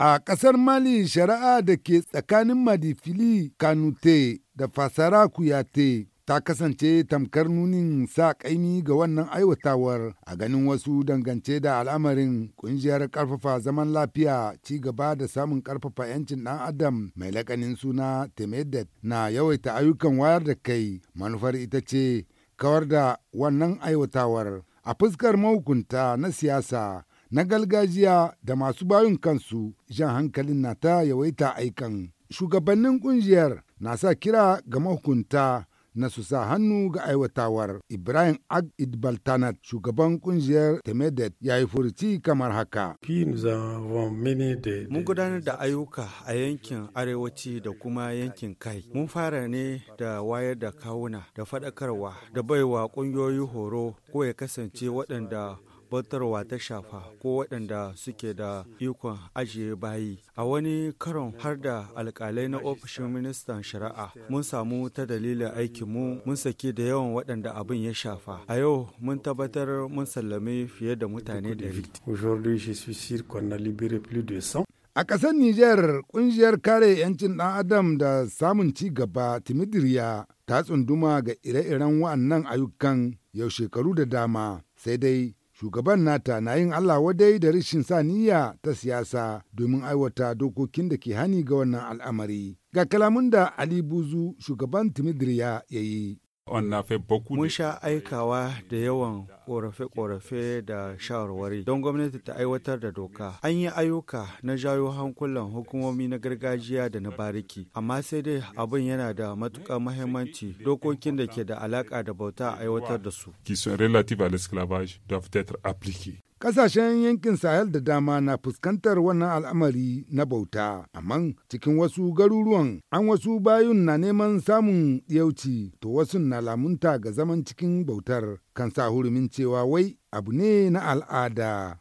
A ƙasar Mali shari'a da ke tsakanin Madifili Kanute da Fasara Kuyate ta kasance tamkar nunin sa ƙaimi ga wannan aiwatawar a ganin wasu dangance da al'amarin ƙungiyar ƙarfafa zaman lafiya ci gaba da samun ƙarfafa 'yancin ɗan adam mai laƙanin suna temedet na yawaita ayyukan wayar da kai manufar ita ce kawar da wannan aiwatawar a fuskar mahukunta na siyasa na gargajiya da masu bayun kansu jan hankalin na ta yawaita aikan. Shugabannin ƙungiyar na sa kira ga mahukunta na su sa hannu ga aiwatawar. Ibrahim Ag Idbaltanat, shugaban kungiyar Temedet, ya yi furuci kamar haka. Mun gudanar da ayyuka a yankin arewaci da kuma yankin kai. Mun fara ne da wayar da kawuna da faɗakarwa da baiwa ƙungiyoyi horo ko ya kasance waɗanda batarwa ta shafa ko waɗanda suke da ikon ajiye bayi. A wani karon har da alkalai na ofishin ministan shari'a mun samu ta dalilin aikinmu mun saki da yawan waɗanda abin ya shafa. A yau mun tabbatar mun sallame fiye da mutane ɗari. A ƙasar Nijar, ƙungiyar kare 'yancin ɗan Adam da samun ci gaba Timidiriya ta tsunduma ga ire-iren wa'annan ayyukan yau shekaru da dama, sai dai shugaban nata na yin Allah wadai da rashin sa ta siyasa domin aiwata dokokin da ke hani ga wannan al'amari. Ga kalamun da Ali Buzu shugaban Timidriya ya yi. Mun sha aikawa da yawan korafe-korafe da shawarwari don gwamnati ta aiwatar da doka. An yi ayyuka na jawo hankulan hukumomi na gargajiya da na bariki, amma sai dai abin yana da matuƙar mahimmanci dokokin da ke da alaƙa da bauta a aiwatar da su. Kasashen yankin Sahel da dama na fuskantar wannan al'amari na bauta, amma cikin wasu garuruwan an wasu bayun na neman samun yauci, to wasu na lamunta ga zaman cikin bautar kan sa hurumin cewa wai abu ne na al'ada.